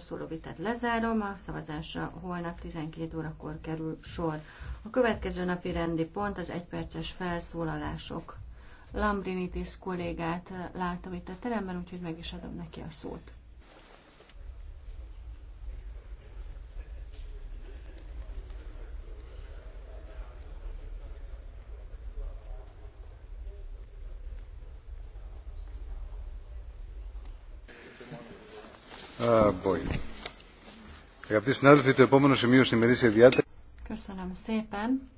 szóló vitát lezárom, a szavazásra holnap 12 órakor kerül sor. A következő napi rendi pont az egyperces felszólalások. Lambrinitis kollégát látom itt a teremben, úgyhogy meg is adom neki a szót. Köszönöm szépen.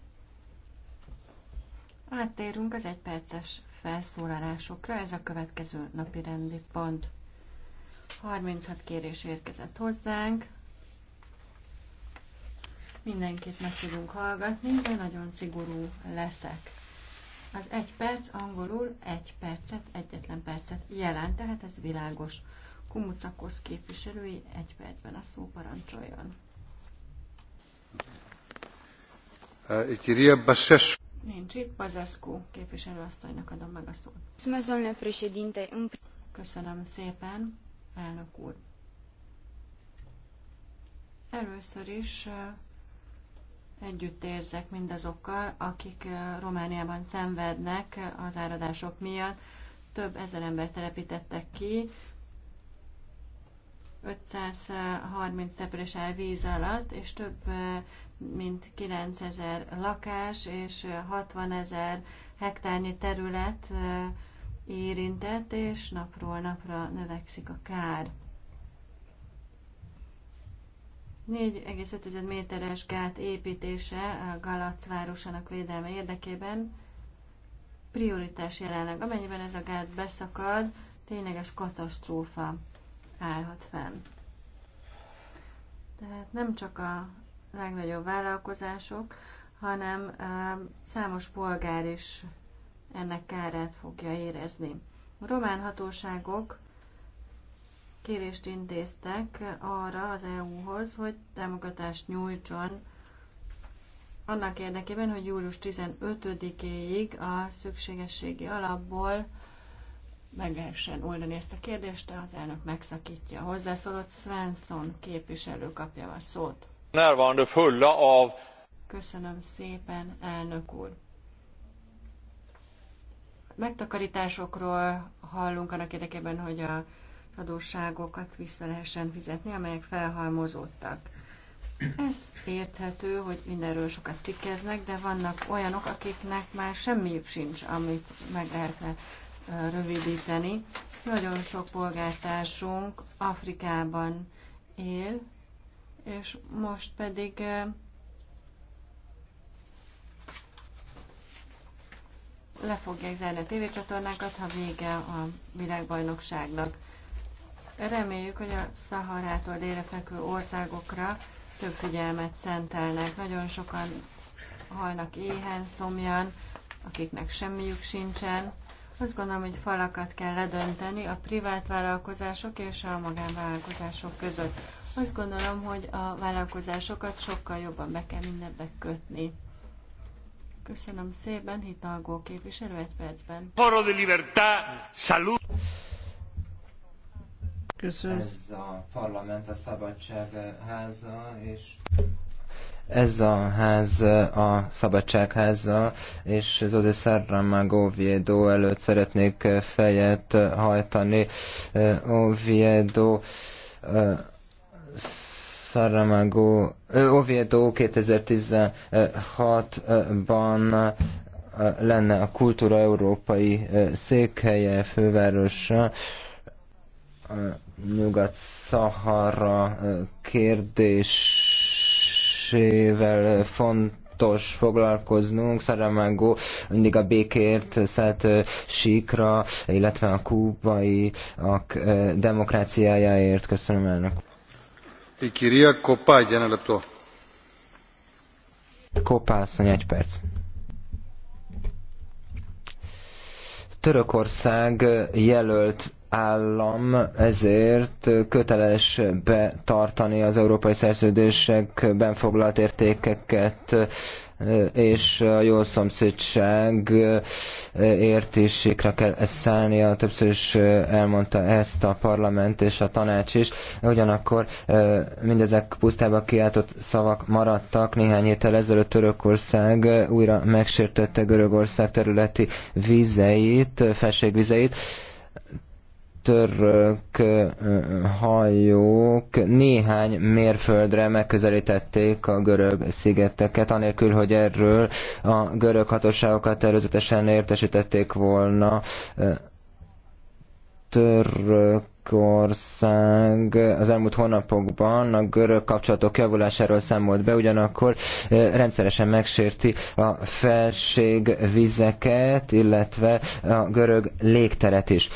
Áttérünk az egyperces felszólalásokra. Ez a következő napi rendi pont. 36 kérés érkezett hozzánk. Mindenkit meg tudunk hallgatni, de nagyon szigorú leszek. Az egy perc angolul egy percet, egyetlen percet jelent, tehát ez világos. Kumucakosz képviselői egy percben a szó parancsoljon. Eh, Nincs itt, Bazescu képviselőasszonynak adom meg a szót. Köszönöm szépen, elnök úr. Először is eh, együtt érzek mindazokkal, akik eh, Romániában szenvednek az áradások miatt. Több ezer ember telepítettek ki, 530 település áll víz alatt, és több mint 9000 lakás és 60 ezer hektárnyi terület érintett, és napról napra növekszik a kár. 4,5 méteres gát építése a Galac városának védelme érdekében prioritás jelenleg. Amennyiben ez a gát beszakad, tényleges katasztrófa állhat fenn. Tehát nem csak a legnagyobb vállalkozások, hanem számos polgár is ennek kárát fogja érezni. A román hatóságok kérést intéztek arra az EU-hoz, hogy támogatást nyújtson annak érdekében, hogy július 15-éig a szükségességi alapból meg lehessen oldani ezt a kérdést, de az elnök megszakítja a hozzászólott Svensson képviselő kapja a szót. Närvarande fulla av... Köszönöm szépen, elnök úr. Megtakarításokról hallunk annak érdekében, hogy a adósságokat vissza lehessen fizetni, amelyek felhalmozódtak. Ez érthető, hogy mindenről sokat cikkeznek, de vannak olyanok, akiknek már semmiük sincs, amit meg lehetne rövidíteni. Nagyon sok polgártársunk Afrikában él, és most pedig eh, le fogják zárni a tévécsatornákat, ha vége a világbajnokságnak. Reméljük, hogy a Szaharától délre fekvő országokra több figyelmet szentelnek. Nagyon sokan halnak éhen, szomjan, akiknek semmiük sincsen. Azt gondolom, hogy falakat kell ledönteni a privát vállalkozások és a magánvállalkozások között. Azt gondolom, hogy a vállalkozásokat sokkal jobban be kell mindenbe kötni. Köszönöm szépen, Hitalgó képviselő egy percben. Foro de libertad, salud. Köszönöm. Ez a parlament a szabadság háza, és ez a ház a Szabadságháza, és az Odesserrama Goviedo előtt szeretnék fejet hajtani. Oviedo eh, Saramago, eh, Oviedo 2016-ban eh, lenne a kultúra európai székhelye, fővárosa, Nyugat-Szahara kérdés kérdésével font fontos foglalkoznunk. Saramago mindig a békért szállt síkra, illetve a kubai a demokráciájáért. Köszönöm elnök. Kiria Kopá, gyeneleptó. Kopászony, egy perc. Törökország jelölt állam ezért köteles betartani az európai szerződésekben foglalt értékeket és a jó szomszédság ért is sikra kell ezt szállnia. Többször is elmondta ezt a parlament és a tanács is. Ugyanakkor mindezek pusztába kiáltott szavak maradtak. Néhány héttel ezelőtt Törökország újra megsértette Görögország területi vizeit, felségvizeit török hajók néhány mérföldre megközelítették a görög szigeteket, anélkül, hogy erről a görög hatóságokat előzetesen értesítették volna. Török ország az elmúlt hónapokban a görög kapcsolatok javulásáról számolt be, ugyanakkor rendszeresen megsérti a felségvizeket, illetve a görög légteret is.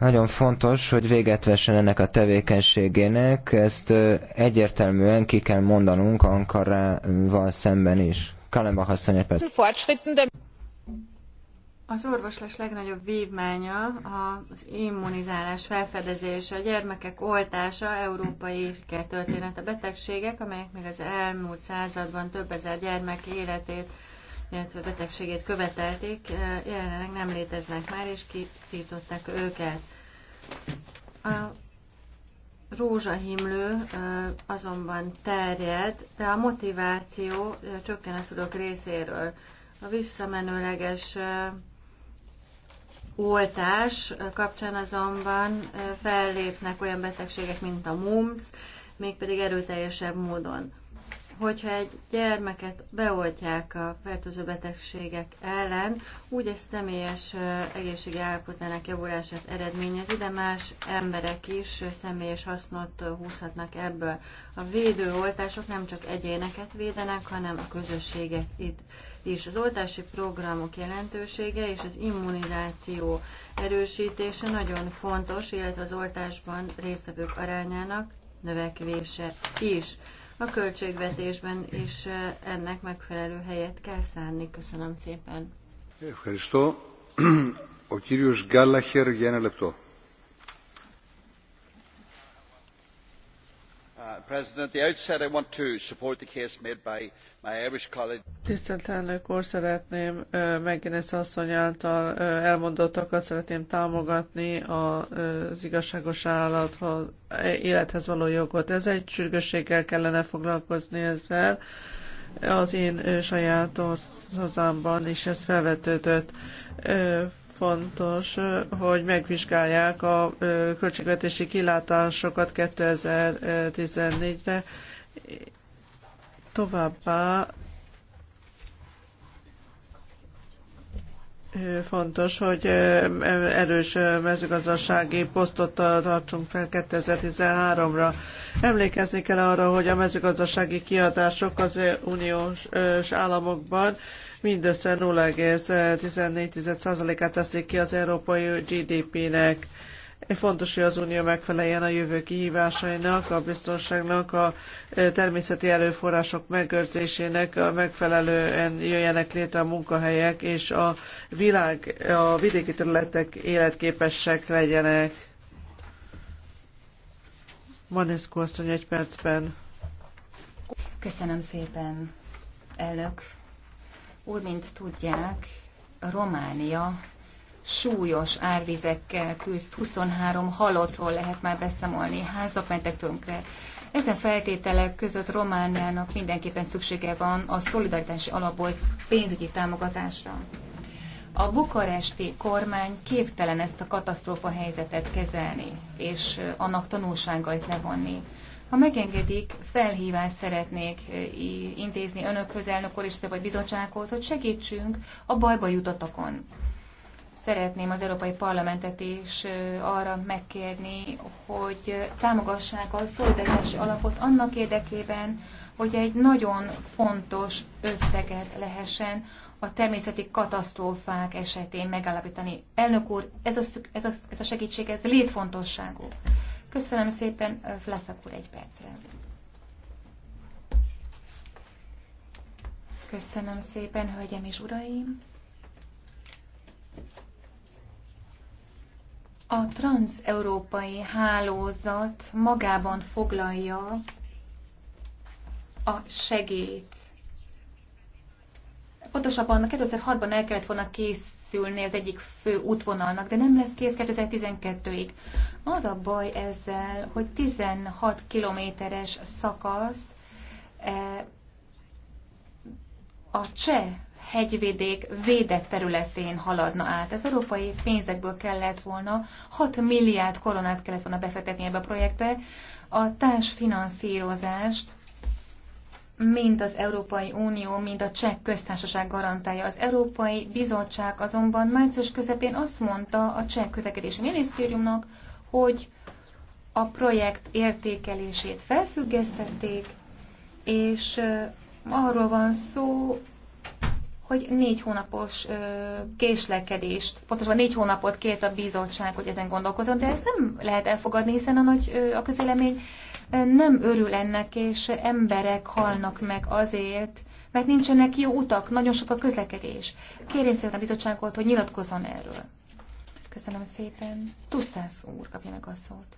Nagyon fontos, hogy véget vessen ennek a tevékenységének, ezt egyértelműen ki kell mondanunk Ankarával szemben is. Kalemba asszony Az orvoslás legnagyobb vívmánya az immunizálás felfedezése, a gyermekek oltása, európai történet a betegségek, amelyek még az elmúlt században több ezer gyermek életét illetve betegségét követelték, jelenleg nem léteznek már, és kitiltották őket. A rózsahimlő azonban terjed, de a motiváció csökken a szülők részéről. A visszamenőleges oltás kapcsán azonban fellépnek olyan betegségek, mint a mumps, mégpedig erőteljesebb módon hogyha egy gyermeket beoltják a fertőző betegségek ellen, úgy egy személyes egészségi állapotának javulását eredményezi, de más emberek is személyes hasznot húzhatnak ebből. A védőoltások nem csak egyéneket védenek, hanem a közösségek itt is. Az oltási programok jelentősége és az immunizáció erősítése nagyon fontos, illetve az oltásban résztvevők arányának növekvése is a költségvetésben is ennek megfelelő helyet kell szánni. Köszönöm szépen. Köszönöm. Ο κύριος Γκάλαχερ για ένα λεπτό. President. The outset, I want to support the case made by my Irish colleague. Tisztelt elnök úr, szeretném McGuinness asszony által elmondottakat szeretném támogatni az igazságos állathoz, élethez való jogot. Ez egy sürgősséggel kellene foglalkozni ezzel. Az én saját hazámban is ez felvetődött fontos, hogy megvizsgálják a költségvetési kilátásokat 2014-re. Továbbá fontos, hogy erős mezőgazdasági posztot tartsunk fel 2013-ra. Emlékezni kell arra, hogy a mezőgazdasági kiadások az uniós államokban mindössze 0,14%-át teszik ki az európai GDP-nek. Fontos, hogy az Unió megfeleljen a jövő kihívásainak, a biztonságnak, a természeti erőforrások megőrzésének, megfelelően jöjjenek létre a munkahelyek, és a világ, a vidéki területek életképesek legyenek. Manescu asszony egy percben. Köszönöm szépen, elnök úr, mint tudják, Románia súlyos árvizekkel küzd, 23 halottról lehet már beszámolni, házak mentek tönkre. Ezen feltételek között Romániának mindenképpen szüksége van a szolidaritási alapból pénzügyi támogatásra. A bukaresti kormány képtelen ezt a katasztrófa helyzetet kezelni, és eh, annak tanulságait levonni. Ha megengedik, felhívást szeretnék eh, intézni önökhöz, elnök úr, és vagy bizottsághoz, hogy segítsünk a bajba jutottakon. Szeretném az Európai Parlamentet is eh, arra megkérni, hogy eh, támogassák a szolidaritási alapot annak érdekében, hogy egy nagyon fontos összeget lehessen a természeti katasztrófák esetén megállapítani. Elnök úr, ez a, ez a, ez a segítség, ez létfontosságú. Köszönöm szépen, Flaszak úr, egy percre. Köszönöm szépen, hölgyem és uraim. A transeurópai hálózat magában foglalja a segét. Pontosabban 2006-ban el kellett volna kész készülni az egyik fő útvonalnak, de nem lesz kész 2012-ig. Az a baj ezzel, hogy 16 kilométeres szakasz e, a cseh hegyvidék védett területén haladna át. Ez európai pénzekből kellett volna, 6 milliárd koronát kellett volna befektetni ebbe a projektbe. A társfinanszírozást mind az Európai Unió, mind a Cseh köztársaság garantálja. Az Európai Bizottság azonban március közepén azt mondta a Cseh közlekedési minisztériumnak, hogy a projekt értékelését felfüggesztették, és arról van szó, hogy négy hónapos ö, késlekedést, pontosan négy hónapot kért a bizottság, hogy ezen gondolkozom, de ezt nem lehet elfogadni, hiszen a, nagy, ö, a közélemény nem örül ennek, és emberek halnak meg azért, mert nincsenek jó utak, nagyon sok a közlekedés. Kérjék szépen a bizottságot, hogy nyilatkozzon erről. Köszönöm szépen. Tusszász úr kapja meg a szót.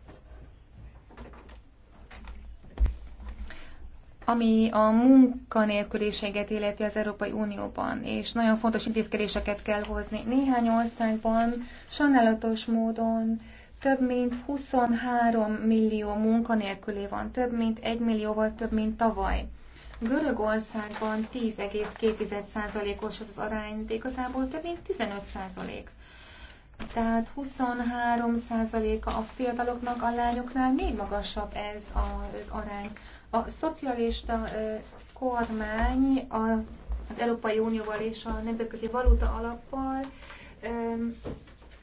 ami a munkanélküliséget illeti az Európai Unióban, és nagyon fontos intézkedéseket kell hozni. Néhány országban sajnálatos módon több mint 23 millió munkanélküli van, több mint 1 millióval több, mint tavaly. Görögországban 10,2%-os az arány, de igazából több mint 15%. Tehát 23%-a a fiataloknak, a lányoknál még magasabb ez az arány. A szocialista kormány az Európai Unióval és a Nemzetközi Valuta Alappal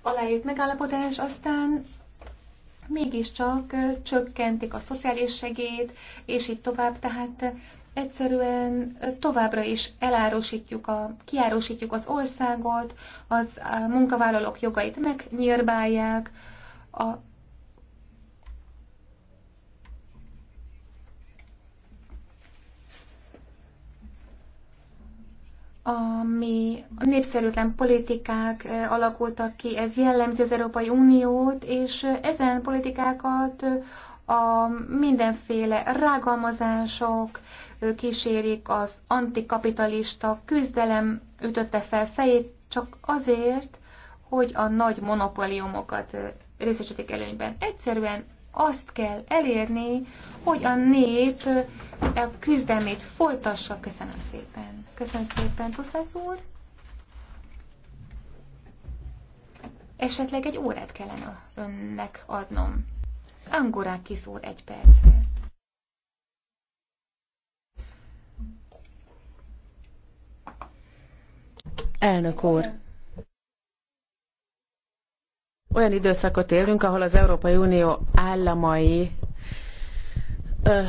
aláírt megállapodás, aztán mégiscsak csökkentik a szociális segélyt, és így tovább, tehát egyszerűen továbbra is elárosítjuk, a, kiárosítjuk az országot, az a munkavállalók jogait megnyírbálják, a ami népszerűtlen politikák eh, alakultak ki, ez jellemzi az Európai Uniót, és eh, ezen politikákat eh, a mindenféle rágalmazások kísérik, az antikapitalista küzdelem ütötte fel fejét, csak azért, hogy a nagy monopóliumokat részesítik előnyben. Egyszerűen azt kell elérni, hogy a nép a küzdelmét folytassa. Köszönöm szépen. Köszönöm szépen, Tuszász úr. Esetleg egy órát kellene önnek adnom. Angorák kiszúr egy percre. Elnök úr, olyan időszakot élünk, ahol az Európai Unió államai ö,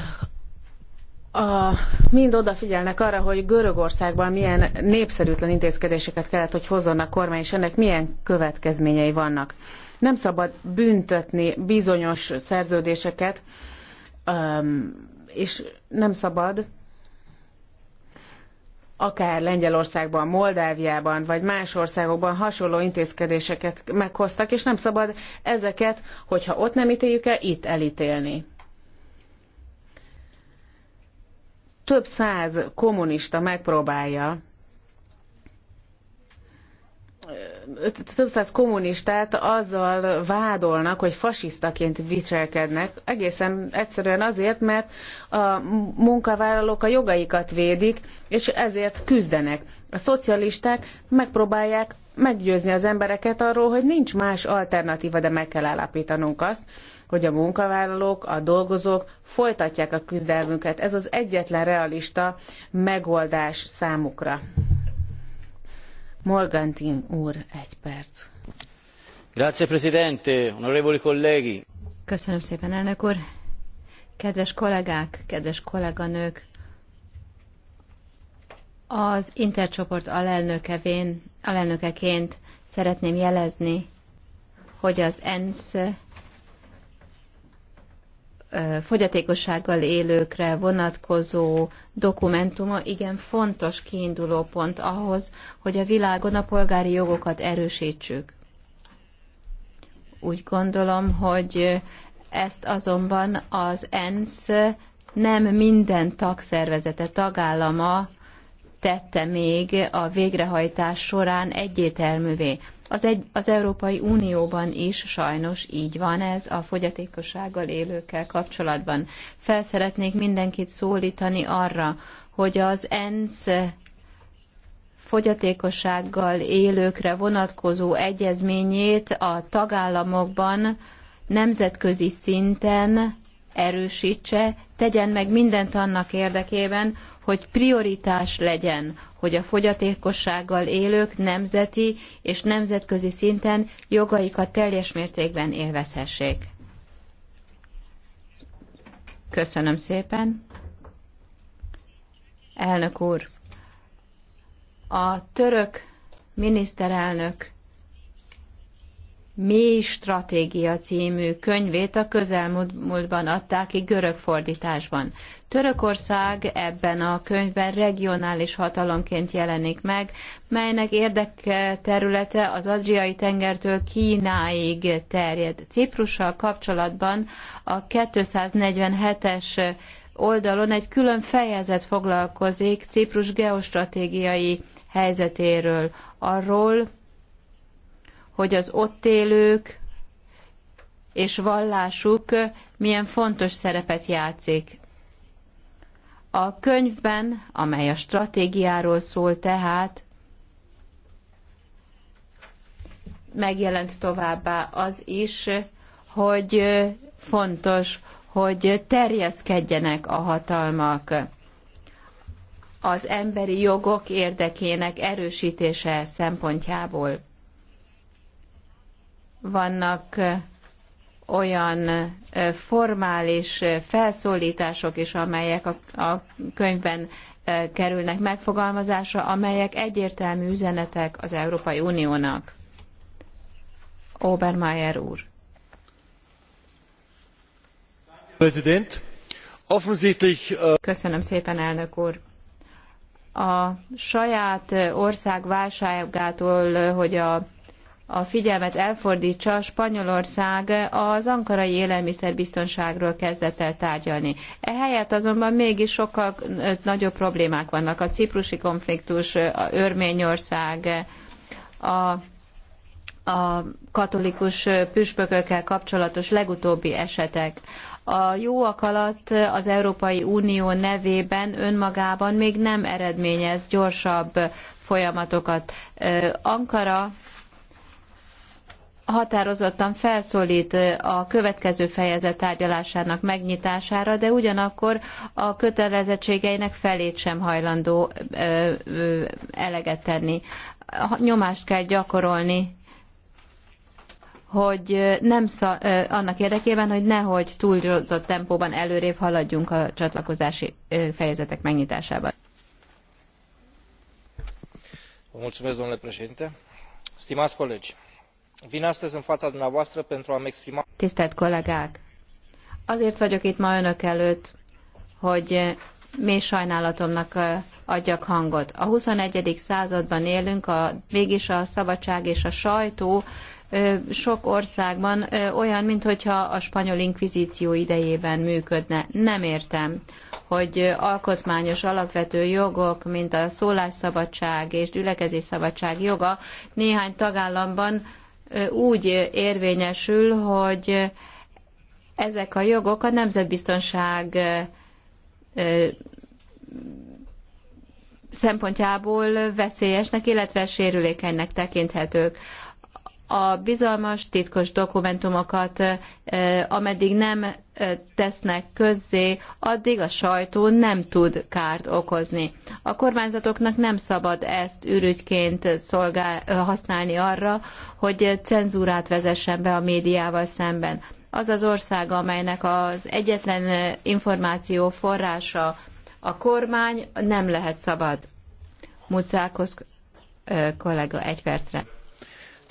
a, mind odafigyelnek arra, hogy Görögországban milyen népszerűtlen intézkedéseket kellett, hogy hozzon a kormány, és ennek milyen következményei vannak. Nem szabad büntetni bizonyos szerződéseket, és nem szabad akár Lengyelországban, Moldáviában, vagy más országokban hasonló intézkedéseket meghoztak, és nem szabad ezeket, hogyha ott nem ítéljük el, itt elítélni. Több száz kommunista megpróbálja több száz kommunistát azzal vádolnak, hogy fasisztaként viselkednek, egészen egyszerűen azért, mert a munkavállalók a jogaikat védik, és ezért küzdenek. A szocialisták megpróbálják meggyőzni az embereket arról, hogy nincs más alternatíva, de meg kell állapítanunk azt, hogy a munkavállalók, a dolgozók folytatják a küzdelmünket. Ez az egyetlen realista megoldás számukra. Morgantin úr, egy perc. Grazie, Presidente, onorevoli colleghi. Köszönöm szépen, elnök úr. Kedves kollégák, kedves kolléganők, az intercsoport alelnökevén, alelnökeként szeretném jelezni, hogy az ENSZ fogyatékossággal élőkre vonatkozó dokumentuma igen fontos kiinduló pont ahhoz, hogy a világon a polgári jogokat erősítsük. Úgy gondolom, hogy ezt azonban az ENSZ nem minden tagszervezete, tagállama tette még a végrehajtás során egyértelművé. Az, egy, az Európai Unióban is sajnos így van ez a fogyatékossággal élőkkel kapcsolatban. Felszeretnék mindenkit szólítani arra, hogy az ENSZ fogyatékossággal élőkre vonatkozó egyezményét a tagállamokban nemzetközi szinten erősítse, tegyen meg mindent annak érdekében, hogy prioritás legyen, hogy a fogyatékossággal élők nemzeti és nemzetközi szinten jogaikat teljes mértékben élvezhessék. Köszönöm szépen. Elnök úr, a török miniszterelnök Mély Stratégia című könyvét a közelmúltban adták ki görög fordításban. Törökország ebben a könyvben regionális hatalomként jelenik meg, melynek érdeke területe az Adriai tengertől Kínáig terjed. Ciprussal kapcsolatban a 247-es oldalon egy külön fejezet foglalkozik Ciprus geostratégiai helyzetéről, arról, hogy az ott élők és vallásuk milyen fontos szerepet játszik. A könyvben, amely a stratégiáról szól tehát, megjelent továbbá az is, hogy fontos, hogy terjeszkedjenek a hatalmak. Az emberi jogok érdekének erősítése szempontjából vannak olyan formális felszólítások is, amelyek a, könyvben kerülnek megfogalmazásra, amelyek egyértelmű üzenetek az Európai Uniónak. Obermeier úr. Köszönöm szépen, elnök úr. A saját ország válságától, hogy a a figyelmet elfordítsa, Spanyolország az ankarai élelmiszerbiztonságról kezdett el tárgyalni. Ehelyett azonban mégis sokkal nagyobb problémák vannak. A ciprusi konfliktus, a Örményország, a a katolikus püspökökkel kapcsolatos legutóbbi esetek. A jó akarat az Európai Unió nevében önmagában még nem eredményez gyorsabb folyamatokat. Ankara határozottan felszólít a következő fejezet tárgyalásának megnyitására, de ugyanakkor a kötelezettségeinek felét sem hajlandó eleget tenni. Nyomást kell gyakorolni hogy nem szal, annak érdekében, hogy nehogy túlzott tempóban előrébb haladjunk a csatlakozási fejezetek megnyitásában. Mulțumesc, domnule președinte. Stimați colegi, vin astăzi în fața dumneavoastră pentru a mi exprima. Tisztelt kollégák! Azért vagyok itt ma önök előtt, hogy mély sajnálatomnak adjak hangot. A 21. században élünk, a, mégis a szabadság és a sajtó sok országban olyan, mintha a spanyol inkvizíció idejében működne. Nem értem, hogy alkotmányos alapvető jogok, mint a szólásszabadság és gyülekezésszabadság joga néhány tagállamban úgy érvényesül, hogy ezek a jogok a nemzetbiztonság szempontjából veszélyesnek, illetve sérülékenynek tekinthetők. A bizalmas, titkos dokumentumokat, ameddig nem tesznek közzé, addig a sajtó nem tud kárt okozni. A kormányzatoknak nem szabad ezt ürügyként szolgál, használni arra, hogy cenzúrát vezessen be a médiával szemben. Az az ország, amelynek az egyetlen információ forrása a kormány, nem lehet szabad. Mucákhoz kollega egy percre.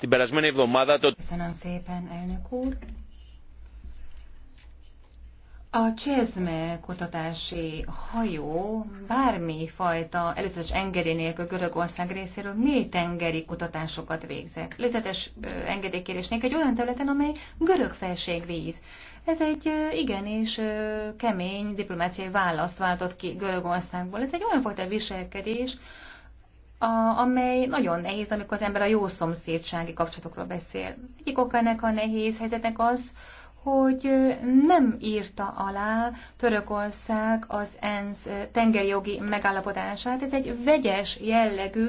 Köszönöm szépen, elnök úr. A csészme kutatási hajó bármi fajta előzetes engedély nélkül Görögország részéről mély tengeri kutatásokat végzett. Előzetes engedélykérés nélkül egy olyan területen, amely görög felségvíz. Ez egy igenis kemény diplomáciai választ váltott ki Görögországból. Ez egy olyan fajta viselkedés, a, amely nagyon nehéz, amikor az ember a jó szomszédsági kapcsolatokról beszél. Egyik oka ennek a nehéz helyzetnek az, hogy nem írta alá Törökország az ENSZ tengerjogi megállapodását. Ez egy vegyes jellegű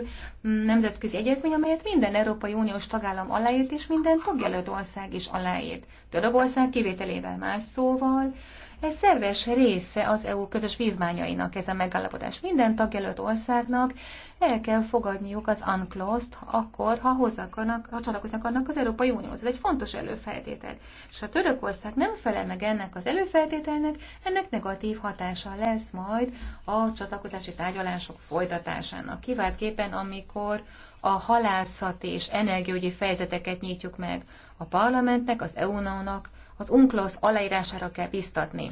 mm, nemzetközi egyezmény, amelyet minden Európai Uniós tagállam aláírt, és minden tagjelölt ország is aláírt. Törökország kivételével más szóval, ez szerves része az EU közös vívmányainak ez a megállapodás. Minden tagjelölt országnak el kell fogadniuk az unclos akkor, ha hozzá akarnak, ha csatlakozni akarnak az Európai Unióhoz. Ez egy fontos előfeltétel. És ha Törökország nem felel meg ennek az előfeltételnek, ennek negatív hatása lesz majd a csatlakozási tárgyalások folytatásának. Kiváltképpen, amikor a halászati és energiaügyi fejezeteket nyitjuk meg a parlamentnek, az EU-nak, az UNCLOS aláírására kell biztatni.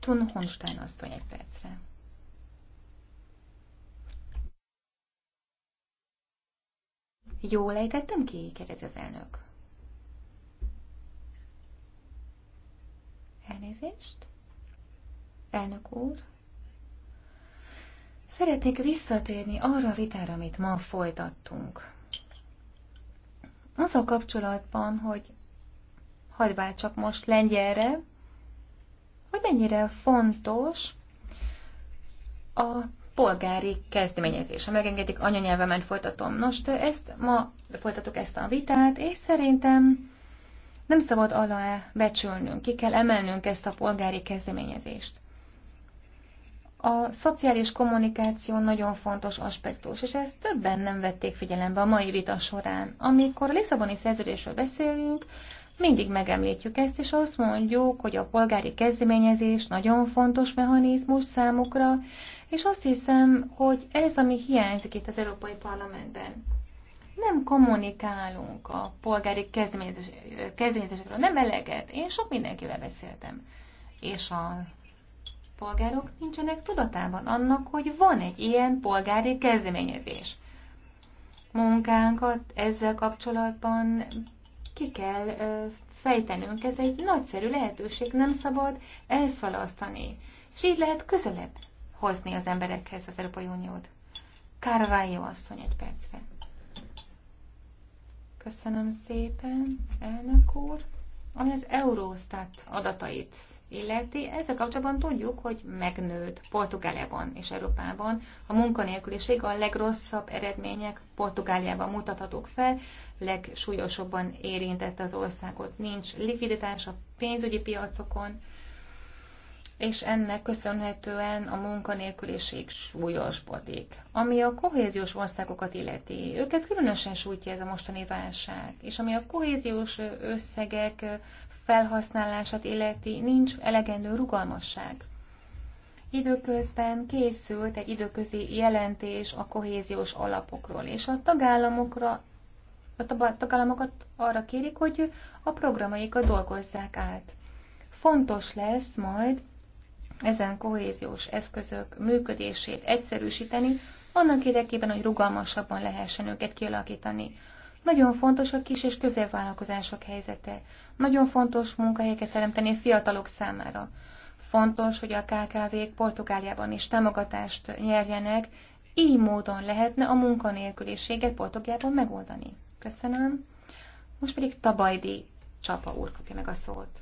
Tun Honstein asszony egy percre. Jól ejtettem ki? kérdezi az elnök. Elnézést? Elnök úr? Szeretnék visszatérni arra a vitára, amit ma folytattunk. Az a kapcsolatban, hogy hadd váltsak most lengyelre, hogy mennyire fontos a polgári kezdeményezés. Ha megengedik, anyanyelvemen folytatom. Nos, ezt ma folytatok ezt a vitát, és szerintem nem szabad alá becsülnünk, ki kell emelnünk ezt a polgári kezdeményezést. A szociális kommunikáció nagyon fontos aspektus, és ezt többen nem vették figyelembe a mai vita során. Amikor a Lisszaboni szerződésről beszélünk, mindig megemlítjük ezt, és azt mondjuk, hogy a polgári kezdeményezés nagyon fontos mechanizmus számukra, és azt hiszem, hogy ez, ami hiányzik itt az Európai Parlamentben. Nem kommunikálunk a polgári kezdeményezés, kezdeményezésekről, nem eleget. Én sok mindenkivel beszéltem. És a polgárok nincsenek tudatában annak, hogy van egy ilyen polgári kezdeményezés. Munkánkat ezzel kapcsolatban ki kell fejtenünk, ez egy nagyszerű lehetőség, nem szabad elszalasztani. És így lehet közelebb hozni az emberekhez az Európai Uniót. Carvalho asszony egy percre. Köszönöm szépen, elnök úr ami az Eurostat adatait illeti. Ezzel kapcsolatban tudjuk, hogy megnőtt Portugáliában és Európában. A munkanélküliség a legrosszabb eredmények Portugáliában mutathatók fel, legsúlyosabban érintett az országot. Nincs likviditás a pénzügyi piacokon, és ennek köszönhetően a munkanélküliség súlyosbodik. Ami a kohéziós országokat illeti, őket különösen sújtja ez a mostani válság, és ami a kohéziós összegek felhasználását illeti, nincs elegendő rugalmasság. Időközben készült egy időközi jelentés a kohéziós alapokról, és a tagállamokra a tagállamokat arra kérik, hogy a programaikat dolgozzák át. Fontos lesz majd ezen kohéziós eszközök működését egyszerűsíteni, annak érdekében, hogy rugalmasabban lehessen őket kialakítani. Nagyon fontos a kis és középvállalkozások helyzete. Nagyon fontos munkahelyeket teremteni a fiatalok számára. Fontos, hogy a KKV-k Portugáliában is támogatást nyerjenek, így módon lehetne a munkanélküliséget Portugáliában megoldani. Köszönöm. Most pedig Tabajdi Csapa úr kapja meg a szót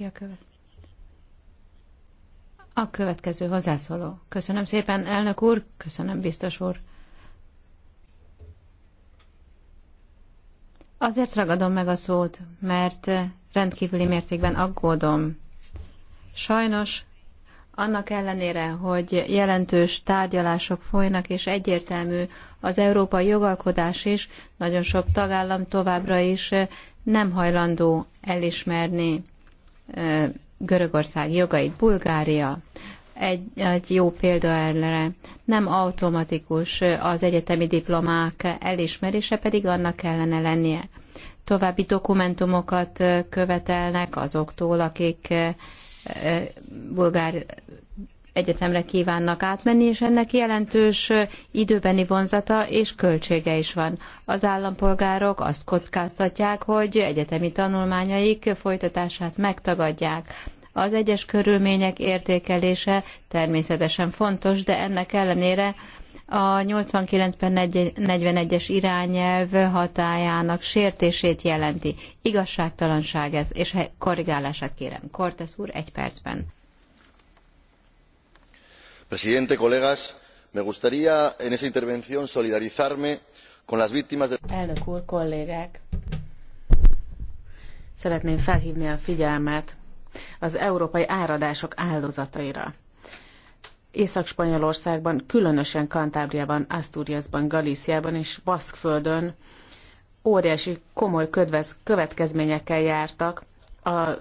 Ki a követ? A következő hozzászóló. Köszönöm szépen, elnök úr, köszönöm, biztos úr. Azért ragadom meg a szót, mert rendkívüli mértékben aggódom. Sajnos annak ellenére, hogy jelentős tárgyalások folynak, és egyértelmű az európai jogalkodás is, nagyon sok tagállam továbbra is nem hajlandó elismerni Görögország jogait. Bulgária egy, egy jó példa erre. Nem automatikus az egyetemi diplomák elismerése, pedig annak kellene lennie. További dokumentumokat követelnek azoktól, akik bulgár egyetemre kívánnak átmenni, és ennek jelentős időbeni vonzata és költsége is van. Az állampolgárok azt kockáztatják, hogy egyetemi tanulmányaik folytatását megtagadják. Az egyes körülmények értékelése természetesen fontos, de ennek ellenére a 8941 es irányelv hatájának sértését jelenti. Igazságtalanság ez, és korrigálását kérem. Kortesz úr, egy percben presidente colegas me gustaría en esta intervención solidarizarme con las víctimas de. elnök úr kollégák szeretném felhívni a figyelmet az európai áradások áldozataira. Észak-Spanyolországban, különösen Kantábriában, Asturiasban, Galíciában és Baszkföldön óriási komoly következményekkel jártak az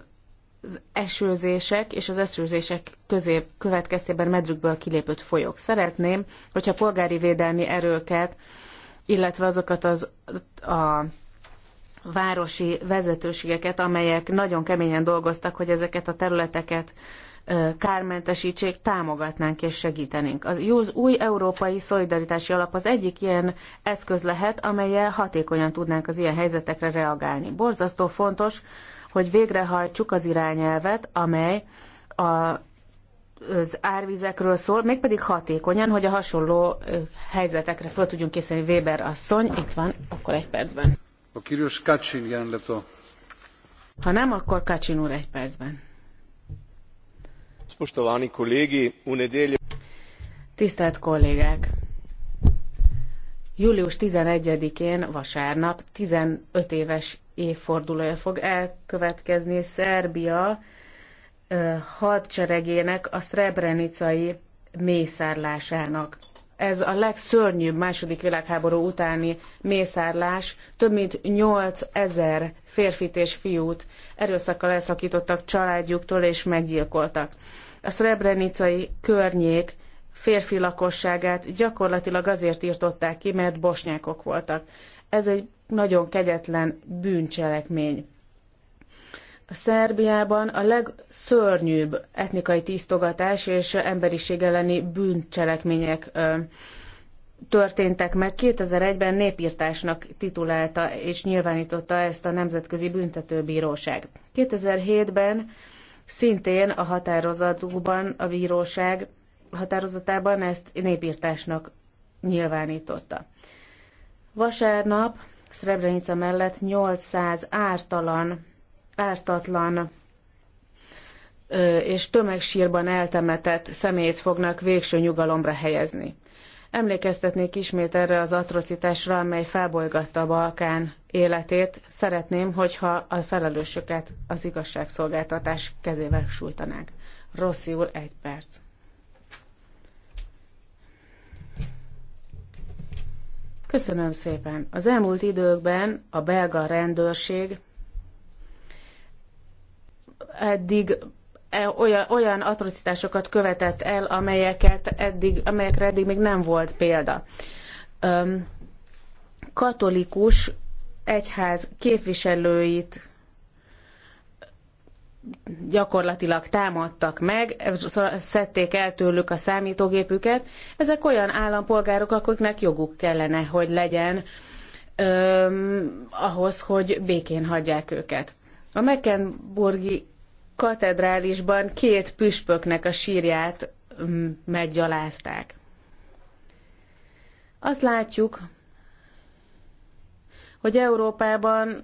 az esőzések és az esőzések közé következtében medrükből kilépött folyók. Szeretném, hogyha polgári védelmi erőket, illetve azokat az, a városi vezetőségeket, amelyek nagyon keményen dolgoztak, hogy ezeket a területeket kármentesítsék, támogatnánk és segítenénk. Az új európai szolidaritási alap az egyik ilyen eszköz lehet, amelyel hatékonyan tudnánk az ilyen helyzetekre reagálni. Borzasztó fontos, hogy végrehajtsuk az irányelvet, amely a, az árvizekről szól, mégpedig hatékonyan, hogy a hasonló helyzetekre föl tudjunk készíteni. Weber asszony, itt van, akkor egy percben. A kirős Kacsin jelenleto. Ha nem, akkor Kacsin úr egy percben. Spoštovani kollégi, v Tisztelt kollégák! Július 11-én vasárnap 15 éves évfordulója fog elkövetkezni Szerbia hadseregének a szrebrenicai mészárlásának. Ez a legszörnyűbb második világháború utáni mészárlás. Több mint 8 ezer férfit és fiút erőszakkal elszakítottak családjuktól és meggyilkoltak. A szrebrenicai környék férfi lakosságát gyakorlatilag azért írtották ki, mert bosnyákok voltak. Ez egy nagyon kegyetlen bűncselekmény. A Szerbiában a legszörnyűbb etnikai tisztogatás és emberiség elleni bűncselekmények ö, történtek meg. 2001-ben népírtásnak titulálta és nyilvánította ezt a Nemzetközi Büntetőbíróság. 2007-ben szintén a határozatukban a bíróság határozatában ezt népírtásnak nyilvánította. Vasárnap Srebrenica mellett 800 ártalan, ártatlan ö, és tömegsírban eltemetett szemét fognak végső nyugalomra helyezni. Emlékeztetnék ismét erre az atrocitásra, amely felbolygatta a Balkán életét. Szeretném, hogyha a felelősöket az igazságszolgáltatás kezével sújtanák. Rossi úr, egy perc. Köszönöm szépen. Az elmúlt időkben a belga rendőrség eddig e, olyan, olyan atrocitásokat követett el, amelyeket eddig, amelyekre eddig még nem volt példa. katolikus egyház képviselőit gyakorlatilag támadtak meg, szedték el tőlük a számítógépüket. Ezek olyan állampolgárok, akiknek joguk kellene, hogy legyen öm, ahhoz, hogy békén hagyják őket. A Mecklenburgi katedrálisban két püspöknek a sírját meggyalázták. Azt látjuk, hogy Európában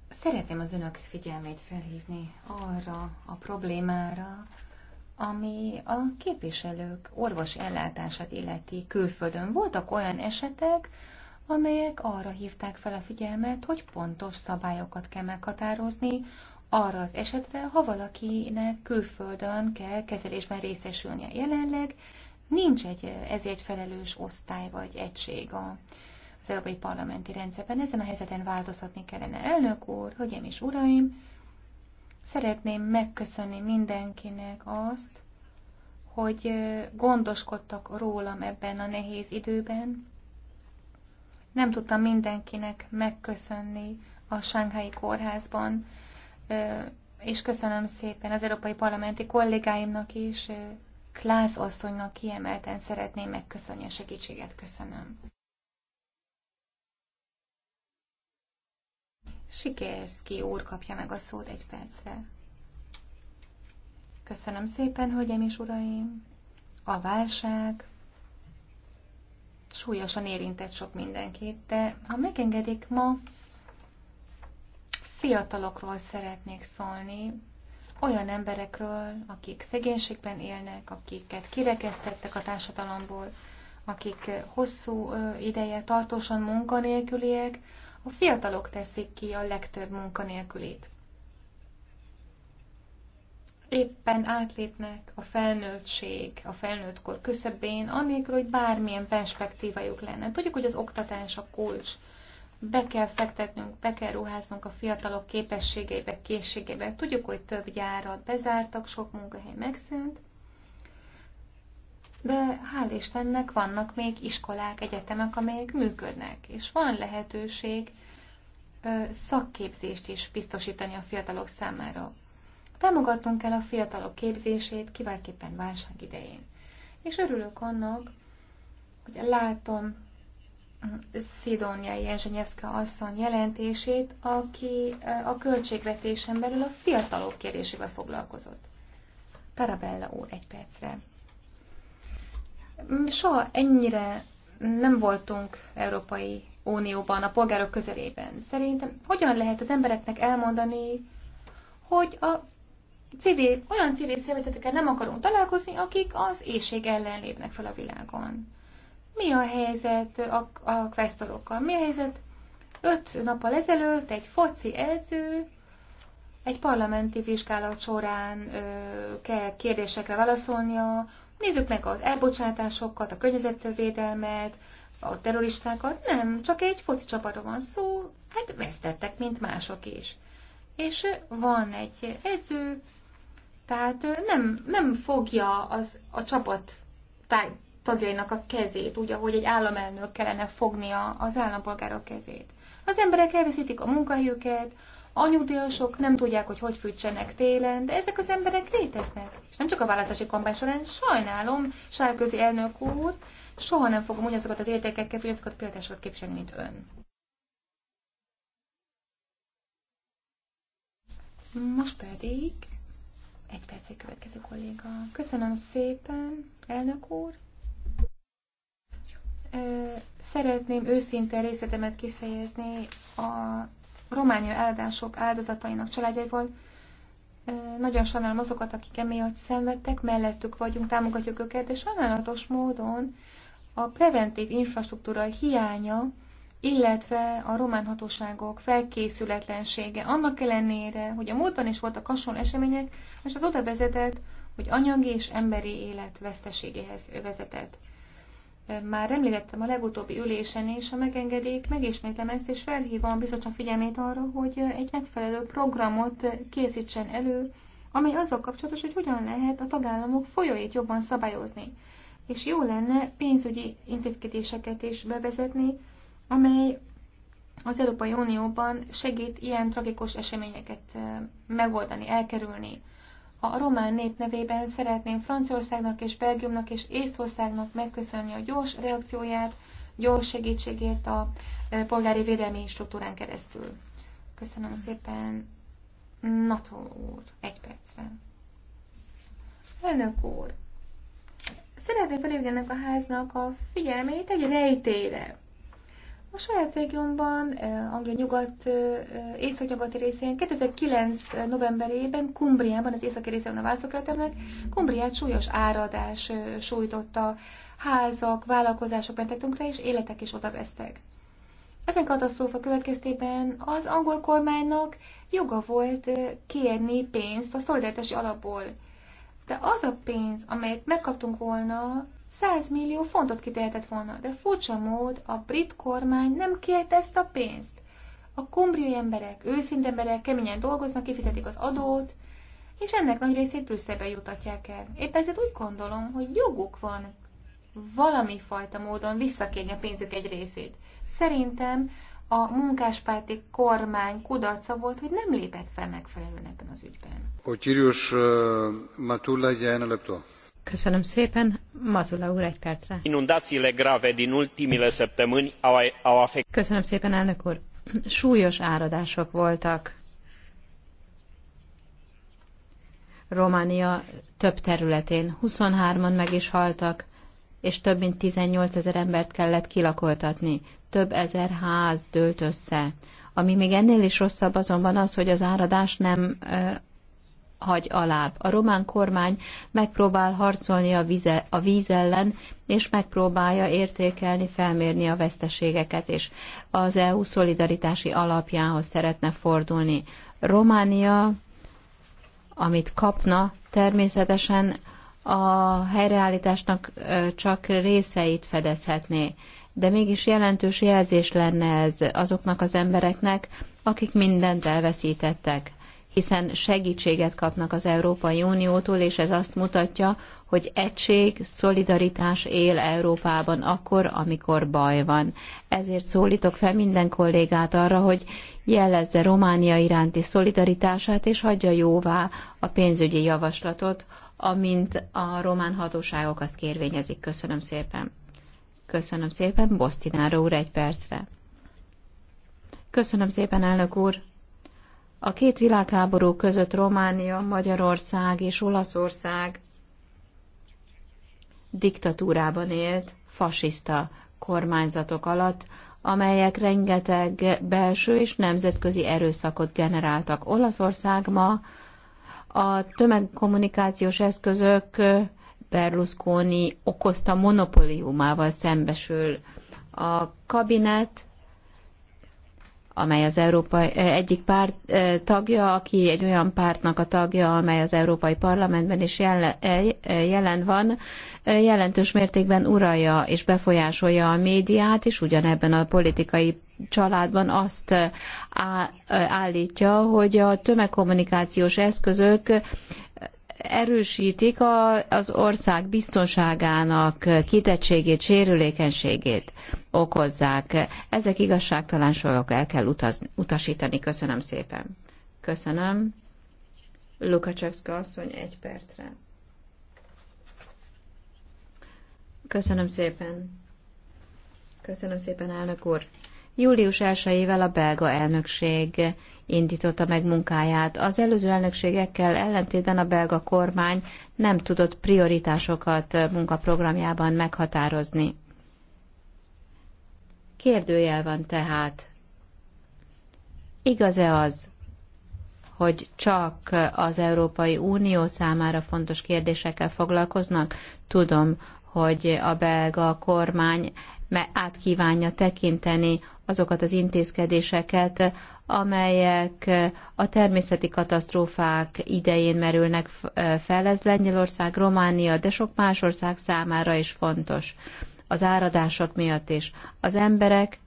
Szeretném az önök figyelmét felhívni arra a problémára, ami a képviselők orvos ellátását illeti külföldön. Voltak olyan esetek, amelyek arra hívták fel a figyelmet, hogy pontos szabályokat kell meghatározni, arra az esetre, ha valakinek külföldön kell kezelésben részesülnie. Jelenleg nincs egy ezért felelős osztály vagy egység a az Európai Parlamenti rendszerben. Ezen a helyzeten változtatni kellene. Elnök úr, hölgyeim és uraim, szeretném megköszönni mindenkinek azt, hogy gondoskodtak rólam ebben a nehéz időben. Nem tudtam mindenkinek megköszönni a Sánghái Kórházban, és köszönöm szépen az Európai Parlamenti kollégáimnak is, Klász asszonynak kiemelten szeretném megköszönni a segítséget. Köszönöm. Sikerszki úr kapja meg a szót egy percre. Köszönöm szépen, hölgyeim és uraim! A válság súlyosan érintett sok mindenkit, de ha megengedik ma, fiatalokról szeretnék szólni, olyan emberekről, akik szegénységben élnek, akiket kirekesztettek a társadalomból, akik hosszú ideje tartósan munkanélküliek, a fiatalok teszik ki a legtöbb munkanélkülét. Éppen átlépnek a felnőttség, a felnőttkor küszöbén, anélkül, hogy bármilyen perspektívajuk lenne. Tudjuk, hogy az oktatás a kulcs. Be kell fektetnünk, be kell ruháznunk a fiatalok képességeibe, készségeibe. Tudjuk, hogy több gyárat bezártak, sok munkahely megszűnt de hál' Istennek vannak még iskolák, egyetemek, amelyek működnek, és van lehetőség szakképzést is biztosítani a fiatalok számára. Támogatnunk kell a fiatalok képzését, kiválképpen válság idején. És örülök annak, hogy látom Szidónia Jenzsenyevszka asszony jelentését, aki a költségvetésen belül a fiatalok kérdésével foglalkozott. Tarabella úr, egy percre soha ennyire nem voltunk Európai Unióban, a polgárok közelében. Szerintem hogyan lehet az embereknek elmondani, hogy a civil, olyan civil szervezetekkel nem akarunk találkozni, akik az éjség ellen lépnek fel a világon. Mi a helyzet a, a kvesztorokkal? Mi a helyzet? Öt nappal ezelőtt egy foci edző egy parlamenti vizsgálat során ö, kell kérdésekre válaszolnia, Nézzük meg az elbocsátásokat, a környezetvédelmet, a terroristákat. Nem, csak egy foci csapatra van szó, hát vesztettek, mint mások is. És van egy edző, tehát nem, nem fogja az, a csapat táj, tagjainak a kezét, úgy, ahogy egy államelnök kellene fognia az állampolgárok kezét. Az emberek elveszítik a munkahelyüket, Anyudilsok nem tudják, hogy hogy fűtsenek télen, de ezek az emberek léteznek. És nem csak a választási kampány során, sajnálom, sárközi elnök úr, soha nem fogom ugyanazokat az értékeket, ugyanazokat a példásokat képviselni, mint ön. Most pedig egy percig következő kolléga. Köszönöm szépen, elnök úr. Szeretném őszinte részletemet kifejezni a románia áldások áldozatainak családjaival. Nagyon sajnálom azokat, akik emiatt szenvedtek, mellettük vagyunk, támogatjuk őket, de sajnálatos módon a preventív infrastruktúra hiánya, illetve a román hatóságok felkészületlensége, annak ellenére, hogy a múltban is voltak hasonló események, és az oda vezetett, hogy anyagi és emberi élet veszteségéhez vezetett. Már említettem a legutóbbi ülésen is, ha megengedik, megismétem ezt, és felhívom biztos a figyelmét arra, hogy egy megfelelő programot készítsen elő, amely azzal kapcsolatos, hogy hogyan lehet a tagállamok folyóit jobban szabályozni. És jó lenne pénzügyi intézkedéseket is bevezetni, amely az Európai Unióban segít ilyen tragikus eseményeket eh, megoldani, elkerülni. A román nép nevében szeretném Franciaországnak és Belgiumnak és Észtországnak megköszönni a gyors reakcióját, gyors segítségét a e, polgári védelmi struktúrán keresztül. Köszönöm szépen. NATO úr, egy percre. Elnök úr, szeretném felhívni ennek a háznak a figyelmét egy rejtére. A saját régiómban, eh, Anglia nyugat, eh, eh, északnyugati részén 2009. novemberében Kumbriában, az északi részén a válaszokletemnek, Kumbriát súlyos áradás sújtotta, házak, vállalkozások mentettünkre, és életek is vesztek. Ezen katasztrófa következtében az angol kormánynak joga volt kérni pénzt a szolidaritási alapból. De az a pénz, amelyet megkaptunk volna 100 millió fontot kitehetett volna, de furcsa mód a brit kormány nem kérte ezt a pénzt. A kumbriai emberek, őszinte emberek keményen dolgoznak, kifizetik az adót, és ennek nagy részét Brüsszelbe jutatják el. Épp ezért úgy gondolom, hogy joguk van valami fajta módon visszakérni a pénzük egy részét. Szerintem a munkáspárti kormány kudarca volt, hogy nem lépett fel megfelelően ebben az ügyben. Hogy Kirius Matulla, egy Köszönöm szépen. Matula úr, egy percre. Inundációle grave din ultimile săptămâni au afectat... Köszönöm szépen, elnök úr. Súlyos áradások voltak Románia több területén. 23-an meg is haltak, és több mint 18 ezer embert kellett kilakoltatni. Több ezer ház dőlt össze. Ami még ennél is rosszabb azonban az, hogy az áradás nem hagy alább. A román kormány megpróbál harcolni a, vize, a víz ellen, és megpróbálja értékelni, felmérni a veszteségeket, és az EU szolidaritási alapjához szeretne fordulni. Románia, amit kapna, természetesen a helyreállításnak csak részeit fedezhetné, de mégis jelentős jelzés lenne ez azoknak az embereknek, akik mindent elveszítettek hiszen segítséget kapnak az Európai Uniótól, és ez azt mutatja, hogy egység, szolidaritás él Európában akkor, amikor baj van. Ezért szólítok fel minden kollégát arra, hogy jelezze Románia iránti szolidaritását, és hagyja jóvá a pénzügyi javaslatot, amint a román hatóságok azt kérvényezik. Köszönöm szépen. Köszönöm szépen, Bosztinára úr, egy percre. Köszönöm szépen, elnök úr. A két világháború között Románia, Magyarország és Olaszország diktatúrában élt, fasiszta kormányzatok alatt, amelyek rengeteg belső és nemzetközi erőszakot generáltak. Olaszország ma a tömegkommunikációs eszközök Berlusconi okozta monopóliumával szembesül. A kabinet amely az Európa eh, egyik párt eh, tagja, aki egy olyan pártnak a tagja, amely az Európai Parlamentben is jelen, eh, jelen van, jelentős mértékben uralja és befolyásolja a médiát, és ugyanebben a politikai családban azt állítja, hogy a tömegkommunikációs eszközök erősítik a, az ország biztonságának kitettségét, sérülékenységét okozzák. Ezek igazságtalanságok el kell utazni, utasítani. Köszönöm szépen. Köszönöm. Lukacsevszka asszony egy percre. Köszönöm szépen. Köszönöm szépen, elnök úr. Július 1 a belga elnökség indította meg munkáját. Az előző elnökségekkel ellentétben a belga kormány nem tudott prioritásokat munkaprogramjában meghatározni. Kérdőjel van tehát. Igaz-e az, hogy csak az Európai Unió számára fontos kérdésekkel foglalkoznak? Tudom, hogy a belga kormány át kívánja tekinteni azokat az intézkedéseket, amelyek a természeti katasztrófák idején merülnek fel. Ez Lengyelország, Románia, de sok más ország számára is fontos. Az áradások miatt is. Az emberek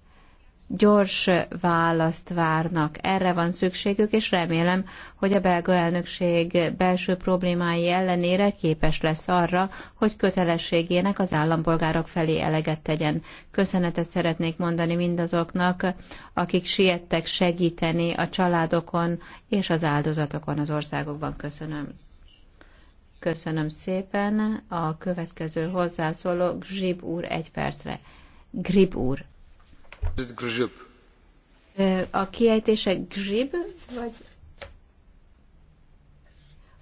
gyors választ várnak. Erre van szükségük, és remélem, hogy a belga elnökség belső problémái ellenére képes lesz arra, hogy kötelességének az állampolgárok felé eleget tegyen. Köszönetet szeretnék mondani mindazoknak, akik siettek segíteni a családokon és az áldozatokon az országokban. Köszönöm. Köszönöm szépen. A következő hozzászóló Grib úr egy percre. Grib úr. A kiejtése grzib, vagy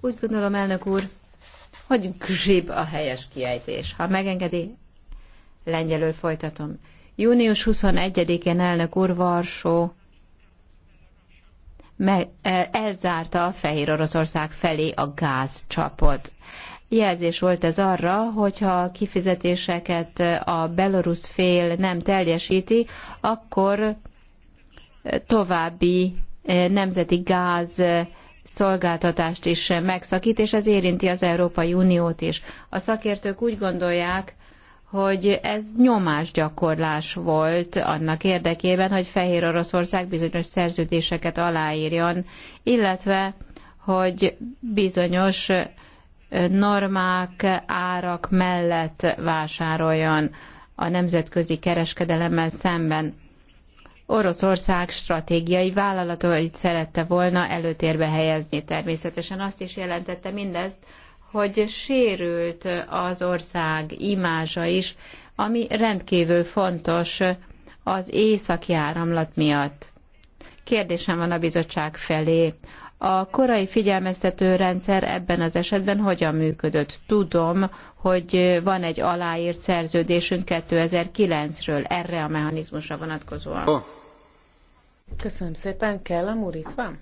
úgy gondolom, elnök úr, hogy grzib a helyes kiejtés. Ha megengedi, lengyelül folytatom. Június 21-én elnök úr Varsó elzárta a Fehér Oroszország felé a gázcsapot jelzés volt ez arra, hogyha a kifizetéseket a belorusz fél nem teljesíti, akkor további eh, nemzeti gáz eh, szolgáltatást is megszakít, és ez érinti az Európai Uniót is. A szakértők úgy gondolják, hogy ez nyomásgyakorlás volt annak érdekében, hogy Fehér Oroszország bizonyos szerződéseket aláírjon, illetve hogy bizonyos normák, árak mellett vásároljon a nemzetközi kereskedelemmel szemben. Oroszország stratégiai vállalatait szerette volna előtérbe helyezni. Természetesen azt is jelentette mindezt, hogy sérült az ország imázsa is, ami rendkívül fontos az északi áramlat miatt. Kérdésem van a bizottság felé. A korai figyelmeztető rendszer ebben az esetben hogyan működött? Tudom, hogy van egy aláírt szerződésünk 2009-ről erre a mechanizmusra vonatkozóan. Oh. Köszönöm szépen, kell a úr itt van?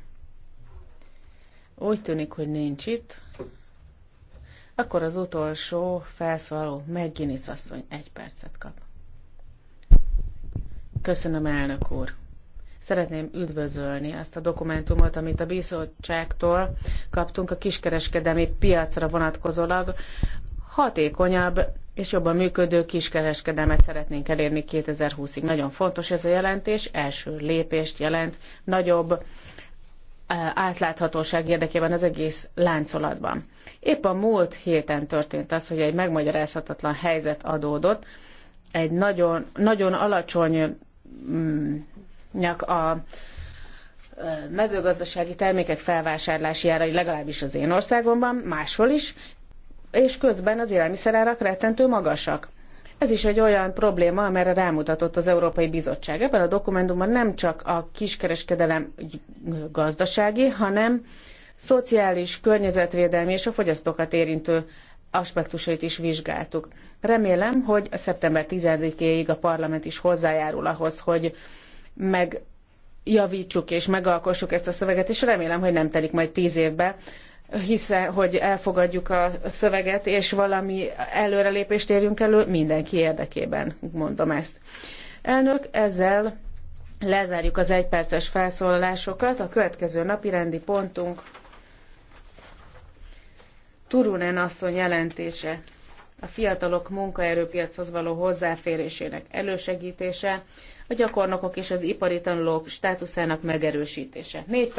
Úgy tűnik, hogy nincs itt. Akkor az utolsó felszólaló McGinnis asszony egy percet kap. Köszönöm, elnök úr. Szeretném üdvözölni azt a dokumentumot, amit a bizottságtól kaptunk a kiskereskedelmi piacra vonatkozólag. Hatékonyabb és jobban működő kiskereskedelmet szeretnénk elérni 2020-ig. Nagyon fontos ez a jelentés, első lépést jelent, nagyobb e, átláthatóság érdekében az egész láncolatban. Épp a múlt héten történt az, hogy egy megmagyarázhatatlan helyzet adódott, egy nagyon, nagyon alacsony mm, nyak a mezőgazdasági termékek felvásárlási árai legalábbis az én országomban, máshol is, és közben az élelmiszerárak rettentő magasak. Ez is egy olyan probléma, amelyre rámutatott az Európai Bizottság. Ebben a dokumentumban nem csak a kiskereskedelem gazdasági, hanem szociális, környezetvédelmi és a fogyasztókat érintő aspektusait is vizsgáltuk. Remélem, hogy a szeptember 10-éig a parlament is hozzájárul ahhoz, hogy megjavítsuk és megalkossuk ezt a szöveget, és remélem, hogy nem telik majd tíz évbe, hiszen, hogy elfogadjuk a szöveget, és valami előrelépést érjünk elő mindenki érdekében, mondom ezt. Elnök, ezzel lezárjuk az egyperces felszólalásokat. A következő napi rendi pontunk Turunen asszony jelentése a fiatalok munkaerőpiachoz való hozzáférésének elősegítése, a gyakornokok és az ipari tanulók státuszának megerősítése. Négy